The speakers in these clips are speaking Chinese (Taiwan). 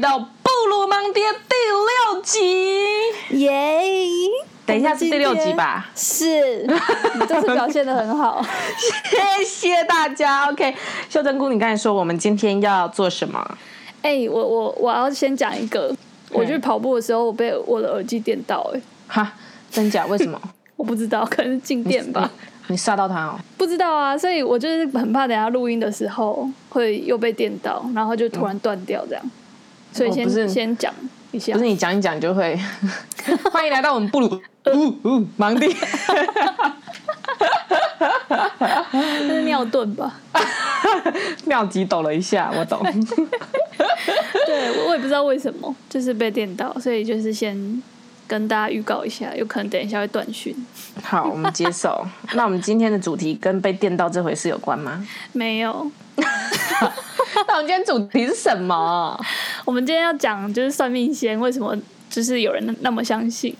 到布魯芒爹第六集，耶！等一下是第六集吧？是 你這次表現得很好， 謝謝大家。OK，秀珍姑，你剛才說我們今天要做什麼？哎、欸，我我我要先講一個，我去跑步的時候，我被我的耳機電到、欸，哎、嗯，哈，真假？為什麼？ 我不知道，可能是靜電吧。你嚇到,到他哦？不知道啊，所以我就是很怕等下錄音的時候會又被電到，然後就突然斷掉這樣。嗯所以先先講一下，不是你講一講就會。 歡迎來到我們布魯盲店。那、 呃、忙 是尿遁吧？ 尿急抖了一下，我懂。 對我，我也不知道為什麼，就是被電到，所以就是先跟大家預告一下，有可能等一下會斷訊。好，我們接受。 那我們今天的主題跟被電到這回事有關嗎？沒有。 今天主題是什麼？ 我們今天要講就是算命仙，為什麼就是有人那麼相信？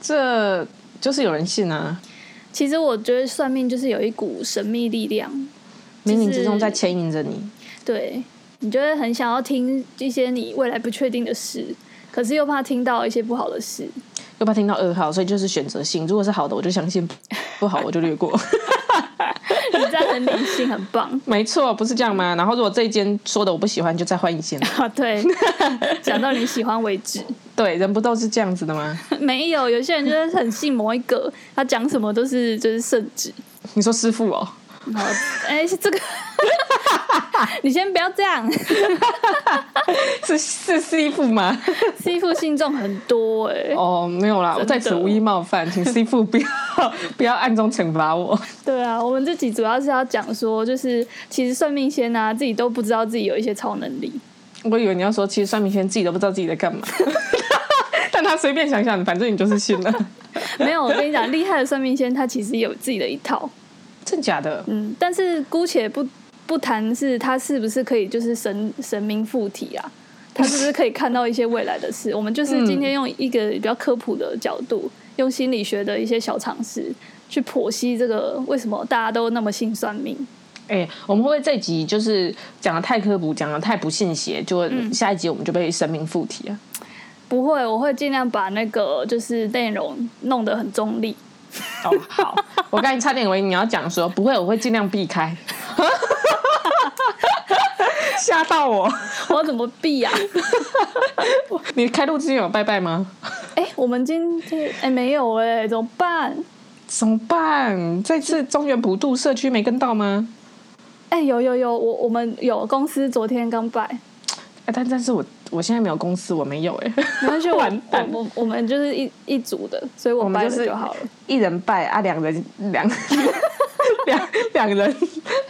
這就是有人信啊。其實我覺得算命就是有一股神秘力量，冥冥之中在牽引着你。就是、對，你覺得很想要聽一些你未來不確定的事，可是又怕聽到一些不好的事，又怕聽到噩耗，所以就是選擇性。如果是好的，我就相信；不好，我就略過。 性很棒，沒錯，不是這樣嗎？然後如果這一間說的我不喜歡，就再換一間。啊，對，講 到你喜歡為止。對，人不都是這樣子的嗎？沒有，有些人就是很信某一個，他講什麼都是就是聖旨。你說師傅哦。哎，是這個 你先不要這樣。 是。是是，師父嗎？師父信眾很多哎、欸。哦、oh,，沒有啦，我在此無意冒犯，請師父不要不要暗中懲罰我。對啊，我們這集主要是要講說，就是其實算命仙啊，自己都不知道自己有一些超能力。我以為你要說，其實算命仙自己都不知道自己在幹嘛， 但他隨便想想，反正你就是信了。 沒有，我跟你講，厲害的算命仙，他其實有自己的一套。真假的，嗯，但是姑且不不談是他是不是可以就是神神明附體啊，他是不是可以看到一些未來的事？ 我們就是今天用一個比較科普的角度，嗯、用心理學的一些小常識去剖析這個為什麼大家都那麼信算命？哎、欸，我們會不會這一集就是講得太科普，講得太不信邪，就下一集我們就被神明附體啊、嗯？不會，我會盡量把那個就是內容弄得很中立。哦，好， 我剛才差點以為你要講說不會，我會儘量避開，嚇 到我， 我要怎麼避啊？ 你開錄之前有拜拜嗎？哎、欸，我們今天哎、欸、沒有哎、欸，怎麼辦？怎麼辦？這次中元普渡社區沒跟到嗎？哎、欸，有有有，我我們有公司昨天剛拜。但但是我我現在沒有公司，我沒有哎、欸，那就完蛋。我我，我們就是一一組的，所以我們就是就好了，一人拜啊，兩人兩兩兩人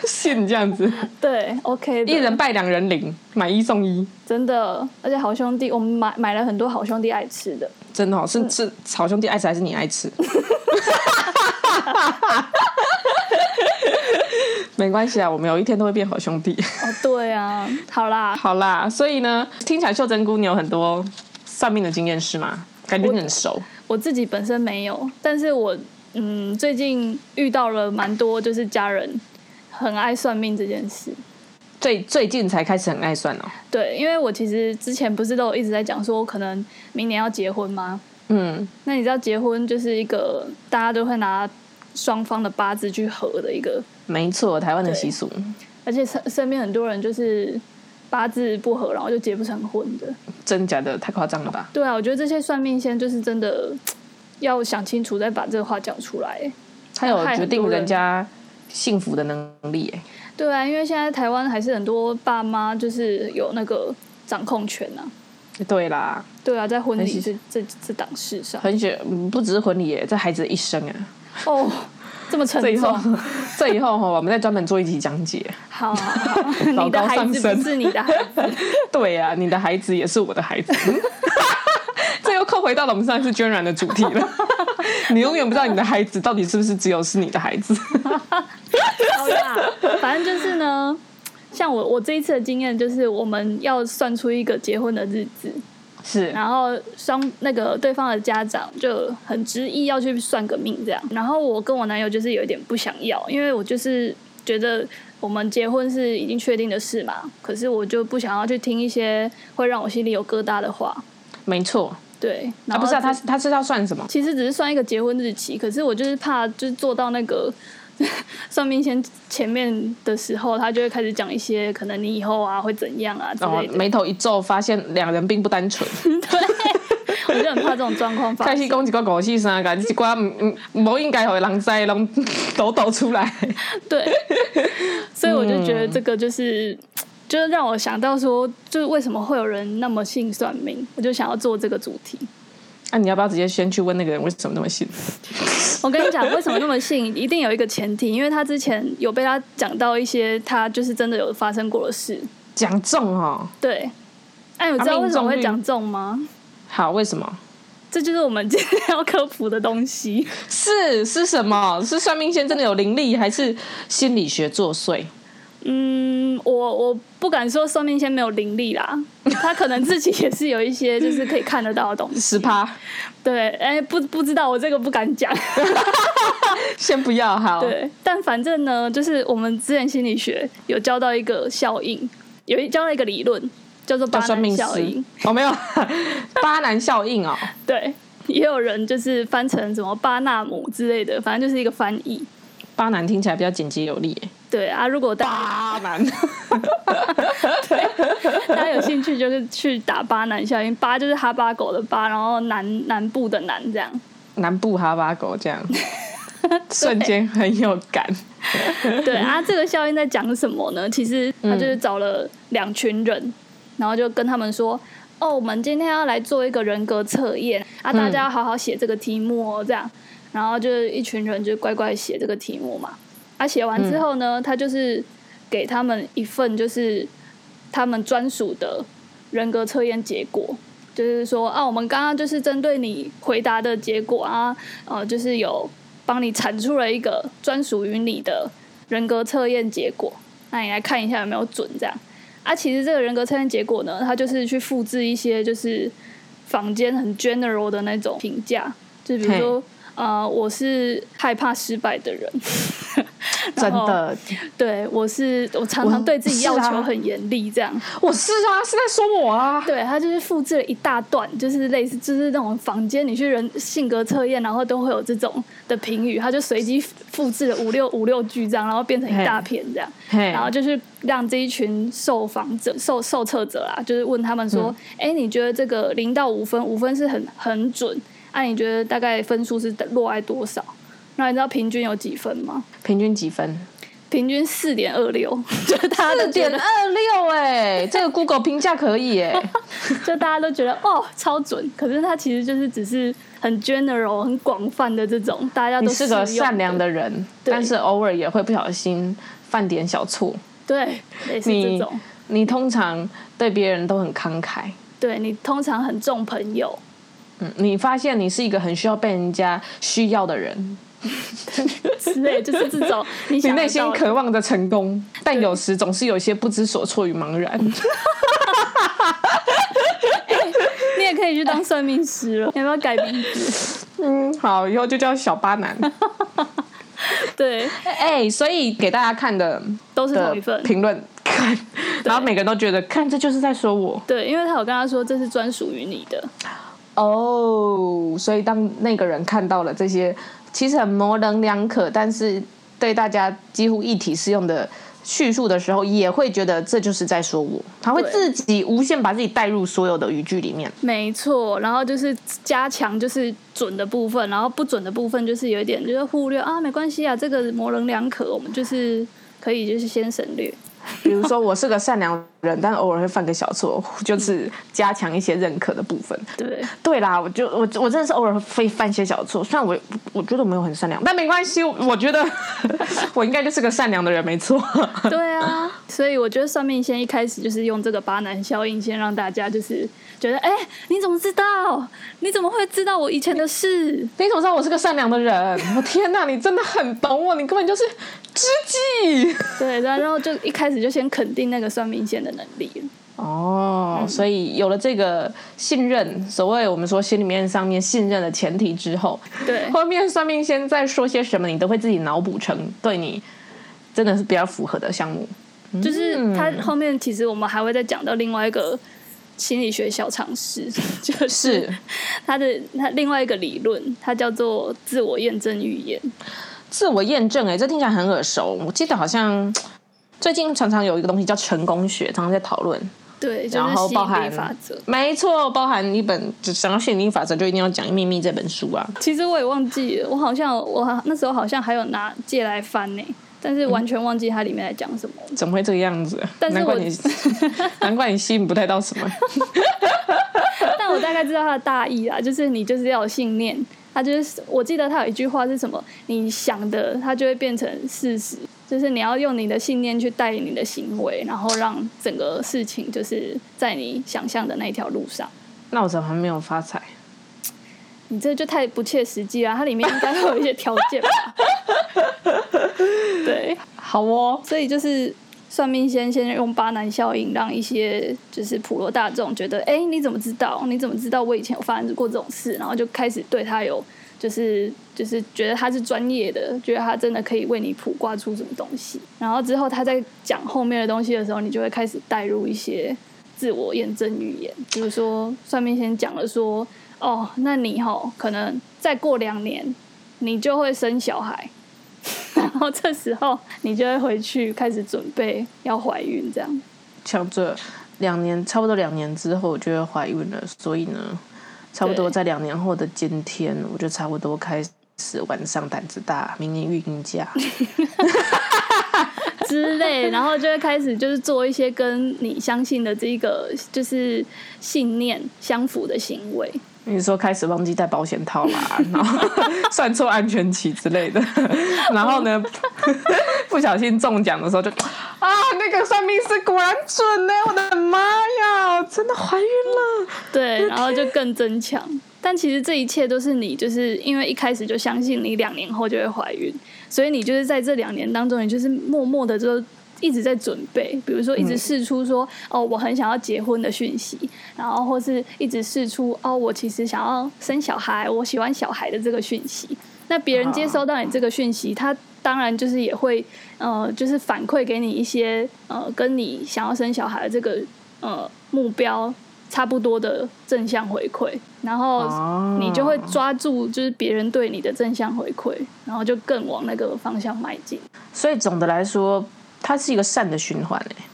信這樣子，對，OK，一人拜兩人領，買一送一，真的，而且好兄弟，我們買買了很多好兄弟愛吃的，真的哦，是、嗯、是好兄弟愛吃還是你愛吃？ 沒關係啊，我們有一天都會變好兄弟。哦，對啊，好啦，好啦。所以呢，聽起來秀珍姑娘有很多算命的經驗是嗎？感覺你很熟。我，我自己本身沒有，但是我嗯，最近遇到了蠻多，就是家人很愛算命這件事。最最近才開始很愛算哦。對，因為我其實之前不是都有一直在講說，我可能明年要結婚嗎？嗯，那你知道結婚就是一個大家都會拿。雙方的八字去合的一個，沒錯，台灣的習俗。而且身身邊很多人就是八字不合，然後就結不成婚的。真假的太誇張了吧？對啊，我覺得這些算命先生就是真的，要想清楚再把這個話講出來。他有決定人,人家幸福的能力？哎，對啊，因為現在台灣還是很多爸媽就是有那個掌控權啊。對啦，對啊，在婚禮這這這檔事上，很喜，不只是婚禮耶，在孩子的一生啊。哦，這麼成熟，這以後哈，我們再專門做一集講解。好，好，好 高高，你的孩子不是你的孩子， 對呀、啊，你的孩子也是我的孩子。這 又扣回到了我們上次捐卵的主題了。 你永遠不知道你的孩子到底是不是只有是你的孩子。 好呀、啊，反正就是呢，像我，我這一次的經驗就是，我們要算出一個結婚的日子。是，然後雙那個對方的家長就很執意要去算個命，這樣。然後我跟我男友就是有一點不想要，因為我就是覺得我們結婚是已經確定的事嘛，可是我就不想要去聽一些會讓我心裡有疙瘩的話。沒錯，對，啊不是啊、他不知道他他知道算什麼？其實只是算一個結婚日期，可是我就是怕就是做到那個。 算命先前面的時候，他就會開始講一些可能你以後啊會怎樣啊之類的。然後眉頭一皺，發現兩人並不單純。 對， 我就很怕這種狀況發生。開始講一寡，五七三，一寡唔唔，不應該予人知，攏抖抖出來。 對，所以我就覺得這個就是，嗯、就是讓我想到說，就是為什麼會有人那麼信算命？我就想要做這個主題。那、啊、你要不要直接先去問那個人為什麼那麼信？ 我跟你講，為什麼那麼信？一定有一個前提，因為他之前有被他講到一些他就是真的有發生過的事。講中哦，對。哎、啊啊，你知道為什麼會講中嗎？好，為什麼？這就是我們今天要科普的東西。 是是什麼？是算命先生真的有靈力，還是心理學作祟？嗯，我我不敢說算命仙沒有靈力啦，他可能自己也是有一些就是可以看得到的東西。十 趴，對，哎、欸，不不知道，我這個不敢講， 先不要哈。對，但反正呢，就是我們之前心理學有教到一個效應，有一教到一個理論叫做巴南效應。哦，沒有巴南效應啊，對，也有人就是翻成什麼巴納姆之類的，反正就是一個翻譯。巴南聽起來比較簡潔有力、欸。對啊，如果巴南， 大家有興趣就是去打巴南效應。巴就是哈巴狗的巴，然後南，南部的南這樣。南部哈巴狗這樣， 瞬間很有感。對啊，這個效應在講什麼呢？其實他就是找了兩群人，嗯，然後就跟他們說：“哦，我們今天要來做一個人格測驗啊，大家要好好寫這個題目、哦、這樣。”然後就一群人就乖乖寫這個題目嘛，他、啊、寫完之後呢，他、嗯、就是給他們一份就是他們專屬的人格測驗結果，就是說啊，我們剛剛就是針對你回答的結果啊，呃，就是有幫你產出了一個專屬於你的人格測驗結果，那你來看一下有沒有準這樣。啊，其實這個人格測驗結果呢，它就是去複製一些就是坊間很 general 的那種評價，就是、比如說。呃，我是害怕失敗的人， 然後真的，對我是，我常常對自己要求很嚴厲，這樣。我是啊，是在說我啊。對他就是複製了一大段，就是類似就是那種房間你去人性格測驗，然後都會有這種的評語，他就隨機複製了五六五六句這樣，然後變成一大片。這樣，然後就是讓這一群受訪者受受測者啊，就是問他們說，哎、嗯，你覺得這個零到五分，五分是很很準。那、啊、你覺得大概分數是落在多少？那你知道平均有幾分嗎？平均幾分？平均四點二六，就四點二六哎， 這個 Google 評價可以哎、欸，就大家都覺得哦，超準。可是它其實就是只是很 general、很廣泛的這種，大家都你是個善良的人，但是偶爾也會不小心犯點小錯，對，這種你你通常對別人都很慷慨，對，你通常很重朋友。嗯、你發現你是一個很需要被人家需要的人， 是就是這種你內心渴望的成功，但有時總是有些不知所措與茫然 、欸。你也可以去當算命師了，欸，你要不要改名字？嗯，好，以後就叫小巴南。對，哎，欸，所以給大家看的都是同一份評論，看，然後每個人都覺得看這就是在說我，對，因為他有跟他說這是專屬於你的。哦，所以當那個人看到了這些，其實很模稜兩可，但是對大家幾乎一體適用的敘述的時候，也會覺得這就是在說我，他會自己無限把自己帶入所有的語句裡面。沒錯，然後就是加強就是準的部分，然後不準的部分就是有一點就是忽略啊，沒關係啊，這個模稜兩可，我們就是可以就是先省略。比如說，我是個善良人， 但偶爾會犯個小錯，就是加強一些認可的部分。對對啦，我就我我真的是偶爾會犯一些小錯，雖然我我覺得我沒有很善良，但沒關係，我覺得 我應該就是個善良的人，沒錯。對啊，所以我覺得算命仙一開始就是用這個巴南效應，先讓大家就是覺得，哎、欸，你怎麼知道？你怎麼會知道我以前的事？你，你怎麼知道我是個善良的人？ 我天哪，你真的很懂我，你根本就是。對，然後就一開始就先肯定那個算命仙的能力哦，所以有了這個信任，所謂我們說心裡面上面信任的前提之後，對，後面算命仙在說些什麼，你都會自己腦補成對你真的是比較符合的項目。就是他後面其實我們還會再講到另外一個心理學小常識，就是他的他另外一個理論，它叫做自我驗證預言。自我驗證哎、欸，這聽起來很耳熟。我記得好像最近常常有一個東西叫成功學，常常在討論。對，就是、然後包含，沒錯，包含一本，只想要吸引力法則就一定要講《秘密》這本書啊。其實我也忘記了，我好像我那時候好像還有拿借來翻呢、欸，但是完全忘記它裡面在講什麼。怎麼會這個樣子？但是你，難怪你吸引不太到什麼。 但我大概知道它的大意啊，就是你就是要有信念。他就是，我記得他有一句話是什麼？你想的，他就會變成事實。就是你要用你的信念去帶領你的行為，然後讓整個事情就是在你想象的那一條路上。那我怎麼還沒有發財？你這就太不切實際了。它裡面應該會有一些條件吧？ 對，好哦。所以就是。算命先生用巴南效應，讓一些就是普羅大眾覺得，哎，你怎麼知道？你怎麼知道我以前有發生過這種事？然後就開始對他有，就是就是覺得他是專業的，覺得他真的可以為你卜卦出什麼東西。然後之後他在講後面的東西的時候，你就會開始帶入一些自我驗證預言，比如說算命先生講了說，哦，那你哈、哦、可能再過兩年你就會生小孩。然後這時候你就會回去開始準備要懷孕，這樣。像這兩年差不多兩年之後我就會懷孕了，所以呢，差不多在兩年後的今天，我就差不多開始晚上膽子大，明年育嬰假 之類，然後就會開始就是做一些跟你相信的這個就是信念相符的行為。比如說開始忘記帶保險套啦，然後 算錯安全期之類的，然後呢， 不小心中獎的時候就啊，那個算命師果然準呢，我的媽呀，真的懷孕了。對，然後就更增強。 但其實這一切都是你，就是因為一開始就相信你兩年後就會懷孕，所以你就是在這兩年當中，也就是默默的就。一直在準備，比如說一直釋出說、嗯、哦，我很想要結婚的訊息，然後或是一直釋出哦，我其實想要生小孩，我喜歡小孩的這個訊息。那別人接收到你這個訊息，哦、他當然就是也會呃，就是反饋給你一些呃，跟你想要生小孩的這個呃目標差不多的正向回饋。然後你就會抓住就是別人對你的正向回饋，然後就更往那個方向邁進。所以總的來說，它是一個善的循環哎、欸，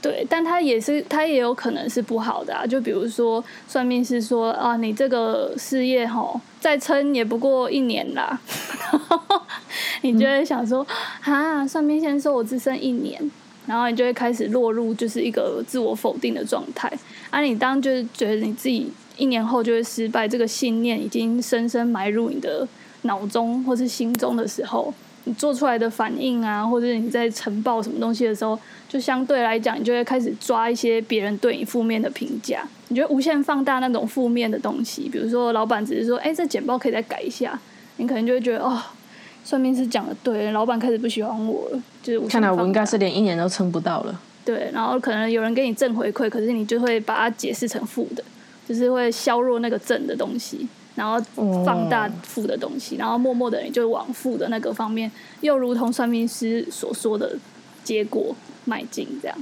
對，但它也是，它也有可能是不好的啊。就比如說，算命師說啊，你這個事業吼再撐也不過一年啦， 你就會想說、嗯、啊，算命先生說我只剩一年，然後你就會開始落入就是一個自我否定的狀態。啊，你當就是覺得你自己一年後就會失敗，這個信念已經深深埋入你的腦中或是心中的時候。你做出來的反應啊，或者你在呈報什麼東西的時候，就相對來講，你就會開始抓一些別人對你負面的評價。你覺得無限放大那種負面的東西，比如說老闆只是說，哎，這簡報可以再改一下，你可能就會覺得，哦，算命仙講的對，老闆開始不喜歡我了，就是無限放大。看來我應該是連一年都撐不到了。對，然後可能有人給你正回饋，可是你就會把它解釋成負的，就是會削弱那個正的東西。然後放大負的東西，哦，然後默默的你就往負的那個方面，又如同算命師所說的，結果邁進這樣。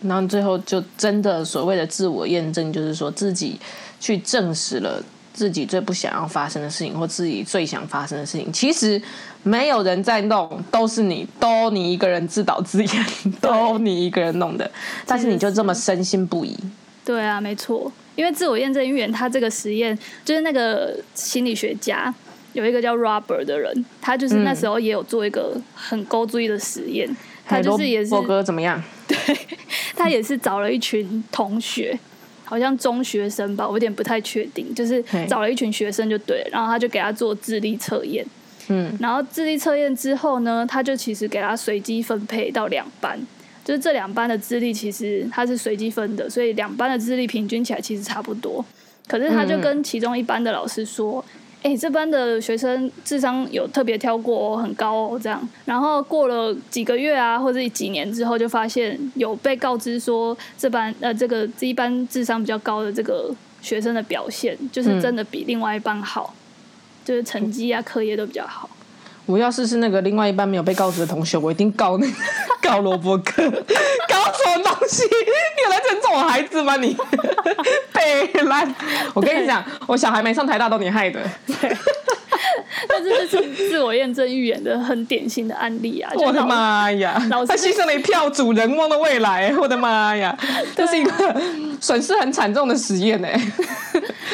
然後最後就真的所謂的自我驗證，就是說自己去證實了自己最不想要發生的事情，或自己最想發生的事情。其實沒有人在弄，都是你，都你一個人自導自演，都你一個人弄的。但是你就這麼深信不疑。對啊，沒錯。因為自我驗證預言，他這個實驗就是那個心理學家有一個叫 Robert 的人，他就是那時候也有做一個很值得注意的實驗。嗯、他就是也是。我哥怎麼樣？對，他也是找了一群同學， 好像中學生吧，我有點不太確定，就是找了一群學生就對了。然後他就給他做智力測驗，嗯，然後智力測驗之後呢，他就其實給他隨機分配到兩班。就是這兩班的智力其實它是隨機分的，所以兩班的智力平均起來其實差不多。可是他就跟其中一班的老師說：“嗯嗯誒，這班的學生智商有特別挑過哦，很高哦，這樣。”然後過了幾個月啊，或者幾年之後，就發現有被告知說這班呃這個這一班智商比較高的這個學生的表現，就是真的比另外一班好，嗯，就是成績啊、課業都比較好。我要試試那個另外一半沒有被告知的同學，我一定告你，告蘿蔔哥，搞 什麼東西？你有來尊重我孩子嗎你？ 北藍，我跟你講，我小孩沒上台大都你害的。這是自自我驗證預言的很典型的案例啊！我,我的媽呀！就是、他犧牲了一票主人翁的未來，我的媽呀！這、啊就是一個損失很慘重的實驗呢。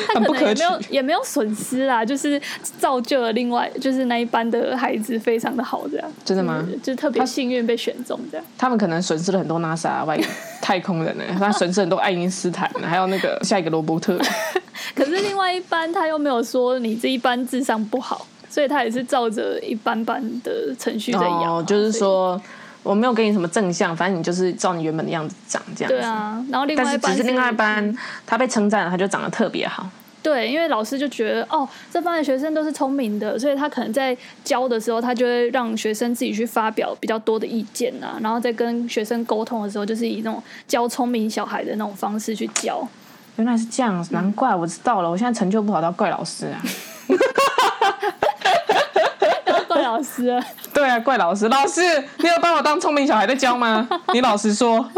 他可能沒有不可，也沒有損失啦，就是造就了另外就是那一班的孩子非常的好這樣，真的嗎？是就是、特別幸運被選中這樣。他，他們可能損失了很多 NASA 外太空人呢， 他損失很多愛因斯坦， 還有那個下一個羅伯特。 可是另外一班他又沒有說你這一班智商不好，所以他也是照着一般般的程序在養，哦、就是說。我沒有給你什麼正向，反正你就是照你原本的樣子長這樣子。對啊，然後另外一班是、是、是另外一班，他被稱讚了，他就長得特別好。對，因為老師就覺得哦，這班的學生都是聰明的，所以他可能在教的時候，他就會讓學生自己去發表比較多的意見啊，然後再跟學生溝通的時候，就是以那種教聰明小孩的那種方式去教。原來是這樣，難怪，我知道了，我現在成就不好都要怪老師啊。 對啊，怪老師，老師，你有把我當聰明小孩在教嗎？ 你老實說。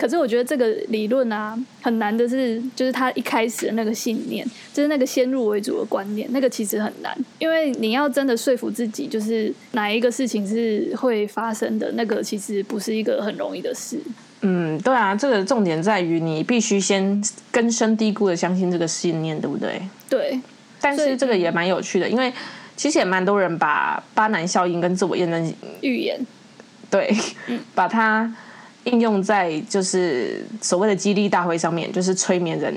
可是我覺得這個理論啊，很難的是，就是他一開始的那個信念，就是那個先入為主的觀念，那個其實很難，因為你要真的說服自己，就是哪一個事情是會發生的，那個其實不是一個很容易的事。嗯，對啊，這個重點在於你必須先根深蒂固的相信這個信念，對不對？對。但是這個也蠻有趣的，因為其實也蠻多人把巴南效應跟自我驗證預言，對、嗯，把它應用在就是所謂的激勵大會上面，就是催眠人，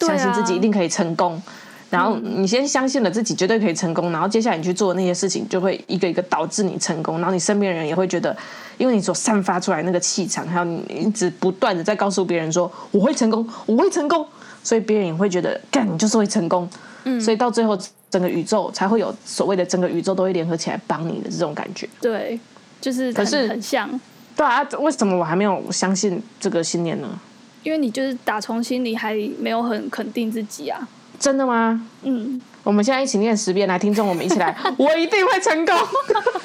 相信自己一定可以成功，對啊，然後你先相信了自己絕對可以成功，嗯。然後你先相信了自己絕對可以成功，然後接下來你去做那些事情就會一個一個導致你成功。然後你身邊人也會覺得，因為你所散發出來那個氣場，還有你一直不斷的在告訴別人說我會成功，我會成功，所以別人也會覺得，幹你就是會成功。嗯、所以到最後，整個宇宙才會有所謂的整個宇宙都會聯合起來幫你的這種感覺。對，就是可是很像。對啊，為什麼我還沒有相信這個信念呢？因為你就是打從心裡還沒有很肯定自己啊。真的嗎？嗯，我們現在一起念十遍來，聽眾我們一起來， 我一定會成功。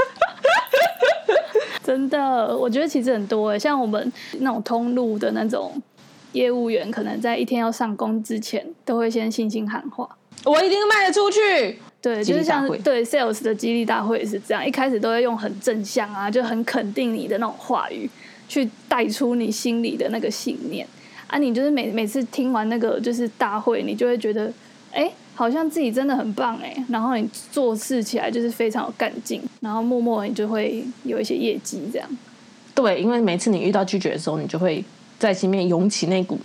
真的，我覺得其實很多耶，像我們那種通路的那種業務員，可能在一天要上工之前，都會先信心喊話。我一定賣得出去。對，就是像是對 sales 的激勵大會是這樣，一開始都會用很正向啊，就很肯定你的那種話語，去帶出你心裡的那個信念啊。你就是每每次聽完那個就是大會，你就會覺得，哎，好像自己真的很棒哎。然後你做事起來就是非常有幹勁，然後默默你就會有一些業績這樣。對，因為每次你遇到拒絕的時候，你就會在心裡面湧起那股。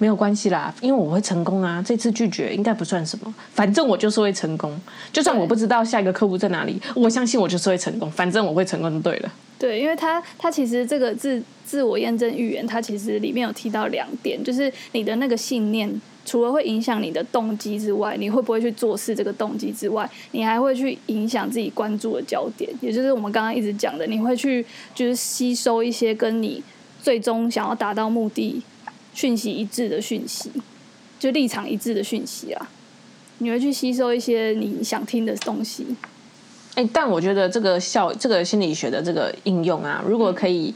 沒有關係啦，因為我會成功啊！這次拒絕應該不算什麼，反正我就是會成功。就算我不知道下一個客戶在哪裡，我相信我就是會成功，反正我會成功，就對了。對，因為他他其實這個自自我驗證預言，它其實裡面有提到兩點，就是你的那個信念，除了會影響你的動機之外，你會不會去做事這個動機之外，你還會去影響自己關注的焦點，也就是我們剛剛一直講的，你會去就是吸收一些跟你最終想要達到目的訊息一致的訊息，就立場一致的訊息啊，你會去吸收一些你想聽的東西。欸，但我覺得這個效，這個心理學的這個應用啊，如果可以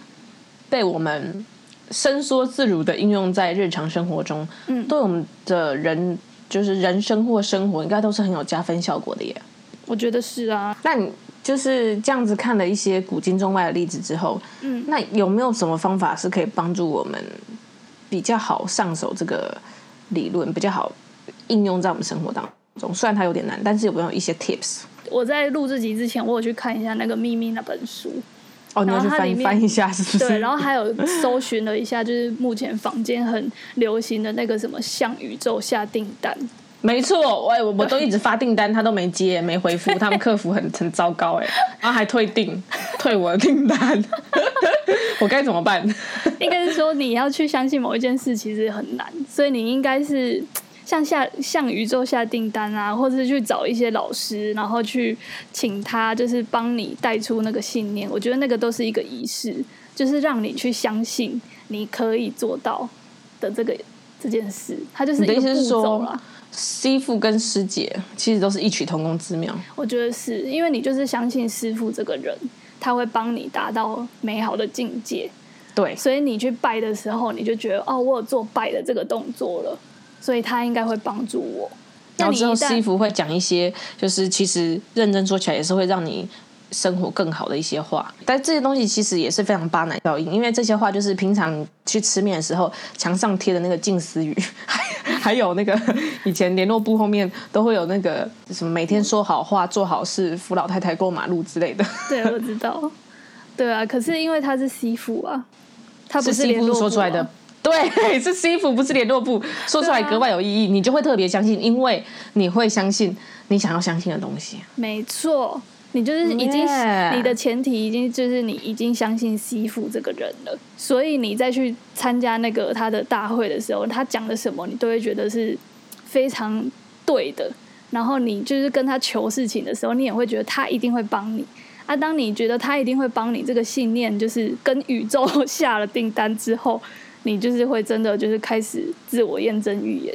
被我們伸縮自如的應用在日常生活中，嗯，對我們的人就是人生或生活，應該都是很有加分效果的耶。我覺得是啊。那你就是這樣子看了一些古今中外的例子之後，嗯，那有沒有什麼方法是可以幫助我們？比較好上手這個理論，比較好應用在我們生活當中。雖然它有點難，但是有沒有一些 tips？我在錄這集之前，我有去看一下那個《秘密》那本書。哦，你要去翻一翻一下是不是，對。然後還有搜尋了一下，就是目前房間很流行的那個什麼“向宇宙下訂單”沒錯。沒錯，我我我都一直發訂單，他都沒接，沒回覆。他們客服很很糟糕，哎，然後還退訂，退我的訂單。 我該怎麼辦？ 應該是說，你要去相信某一件事其實很難，所以你應該是向下向宇宙下訂單啊，或是去找一些老師，然後去請他，就是幫你帶出那個信念。我覺得那個都是一個儀式，就是讓你去相信你可以做到的這個這件事。它，就是一，你意思是說，師傅跟師姐其實都是異曲同工之妙。我覺得是因為你就是相信師傅這個人。他會幫你達到美好的境界，對，所以你去拜的時候，你就覺得哦，我有做拜的這個動作了，所以他應該會幫助我。然後之後師傅會講一些，就是其實認真說起來也是會讓你生活更好的一些話，但這些東西其實也是非常巴南效應，因為這些話就是平常去吃麵的時候牆上貼的那個靜思語。 還有那個以前聯絡部後面都會有那個什麼每天說好話做好事扶老太太過馬路之類的。對，我知道。對啊，可是因為他是西服啊，他不是聯絡部說出來的，是西服說出來的，對，是西服不是聯絡部，說出來格外有意義，啊，你就會特別相信，因為你會相信你想要相信的東西。沒錯。你就是已經你的前提已經就是你已經相信師父這個人了，所以你再去參加那個他的大會的時候，他講的什麼你都會覺得是非常對的。然後你就是跟他求事情的時候，你也會覺得他一定會幫你。啊，當你覺得他一定會幫你，這個信念就是跟宇宙下了訂單之後，你就是會真的就是開始自我驗證預言。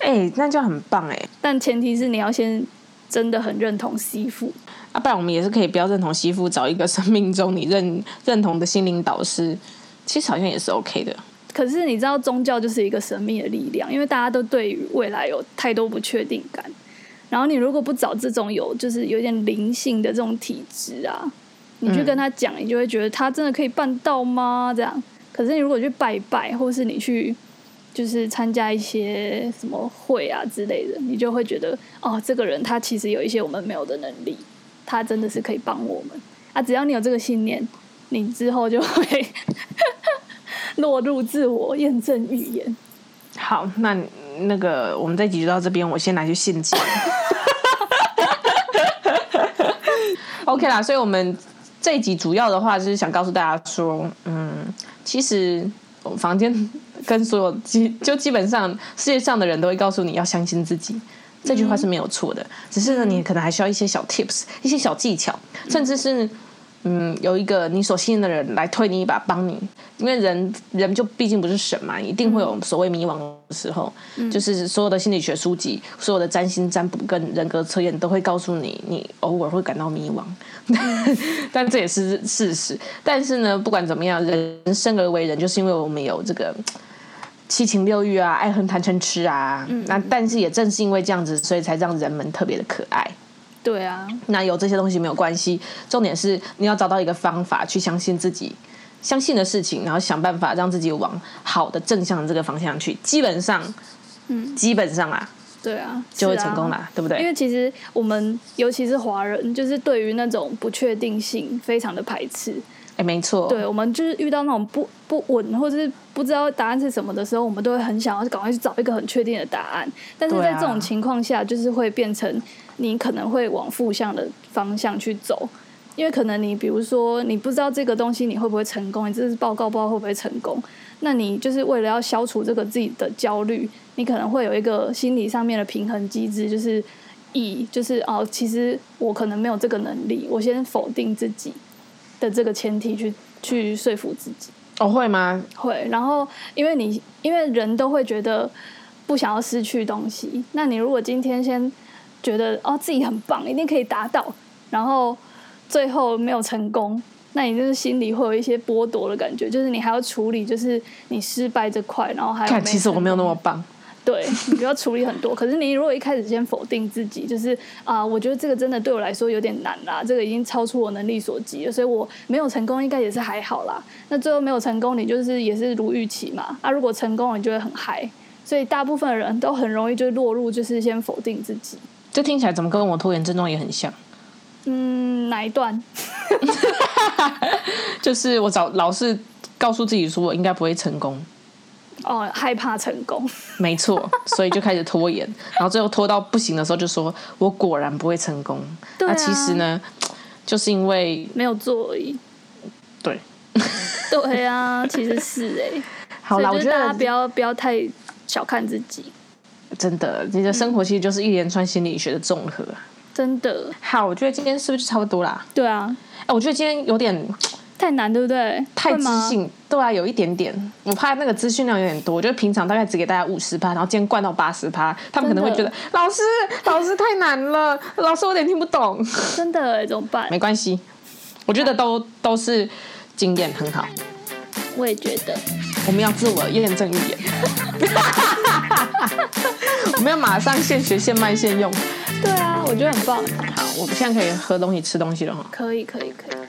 哎，那就很棒哎，但前提是你要先真的很認同師父。啊，不然我們也是可以不要認同媳婦，找一個生命中你認認同的心靈導師，其實好像也是 OK 的。可是你知道，宗教就是一個神秘的力量，因為大家都對於未來有太多不確定感。然後你如果不找這種有就是有點靈性的這種體質啊，你去跟他講、嗯，你就會覺得他真的可以辦到嗎？這樣。可是你如果去拜拜，或是你去就是參加一些什麼會啊之類的，你就會覺得哦，這個人他其實有一些我們沒有的能力。他真的是可以幫我們啊！只要你有這個信念，你之後就會 落入自我驗證預言。好，那那個我們這一集就到這邊，我先拿去獻祭。 OK 啦，所以我們這一集主要的話就是想告訴大家說，嗯，其實我房間跟所有基就基本上世界上的人都會告訴你要相信自己。這句話是沒有錯的，嗯、只是呢，你可能還需要一些小 tips，、嗯、一些小技巧，嗯、甚至是嗯，有一個你所信任的人來推你一把，幫你。因為人人就畢竟不是神嘛，一定會有所謂迷惘的時候、嗯。就是所有的心理學書籍、所有的占星占卜跟人格測驗都會告訴你，你偶爾會感到迷惘，但，但這也是事實。但是呢，不管怎麼樣，人生而為人，就是因為我們有這個。七情六慾啊，愛恨貪嗔痴啊，嗯，那但是也正是因為這樣子，所以才讓人們特別的可愛。對啊，那有這些東西沒有關係，重點是你要找到一個方法去相信自己，相信的事情，然後想辦法讓自己往好的正向的這個方向去。基本上，嗯，基本上啊，對啊，就會成功啦，啊，對不對？因為其實我們尤其是華人，就是對於那種不確定性非常的排斥。沒錯，對，我們就是遇到那種不不穩或者是不知道答案是什麼的時候，我們都會很想要趕快去找一個很確定的答案。但是在這種情況下，就是會變成你可能會往負向的方向去走，因為可能你比如說你不知道這個東西你會不會成功，你這次報告不知道會不會成功，那你就是為了要消除這個自己的焦慮，你可能會有一個心理上面的平衡機制，就是以、e, 就是哦，其實我可能沒有這個能力，我先否定自己。的這個前提去去說服自己哦，會嗎？會。然後因為你因為人都會覺得不想要失去東西，那你如果今天先覺得哦自己很棒，一定可以達到，然後最後沒有成功，那你就是心裡會有一些剝奪的感覺，就是你還要處理就是你失敗這塊，然後還有，其實我沒有那麼棒。對，你就要處理很多，可是你如果一開始先否定自己，就是啊、呃，我覺得這個真的對我來說有點難啦，這個已經超出我能力所及了，所以我沒有成功應該也是還好啦。那最後沒有成功，你就是也是如預期嘛。啊，如果成功了，你就會很嗨。所以大部分人都很容易就落入就是先否定自己。這聽起來怎麼跟我拖延症狀也很像？嗯，哪一段？ 就是我早老是告訴自己說，我應該不會成功。哦，害怕成功，沒錯，所以就開始拖延， 然後最後拖到不行的時候，就說我果然不會成功。那、啊啊、其實呢，就是因為、嗯、沒有做而已。對，對啊，其實是哎、欸， 好啦，我覺得大家不要不要太小看自己。真的，你的生活其實就是一連串心理、理學的綜合。真的，好，我覺得今天是不是就差不多啦？對啊，哎、欸，我覺得今天有點。太難，對不對？太資訊對啊。有一點點，我怕那個資訊量有點多。我覺得平常大概只給大家五十趴，然後今天灌到八十趴，他們可能會覺得老師老師太難了， 老師我有點聽不懂，真的、欸、怎麼辦？沒關係，我覺得都、啊、都是經驗很好。我也覺得，我們要自我驗證一點。點正義 我們要馬上現學現賣現用。對啊，我覺得很棒。好，我們現在可以喝東西吃東西了哈。可以可以可以。可以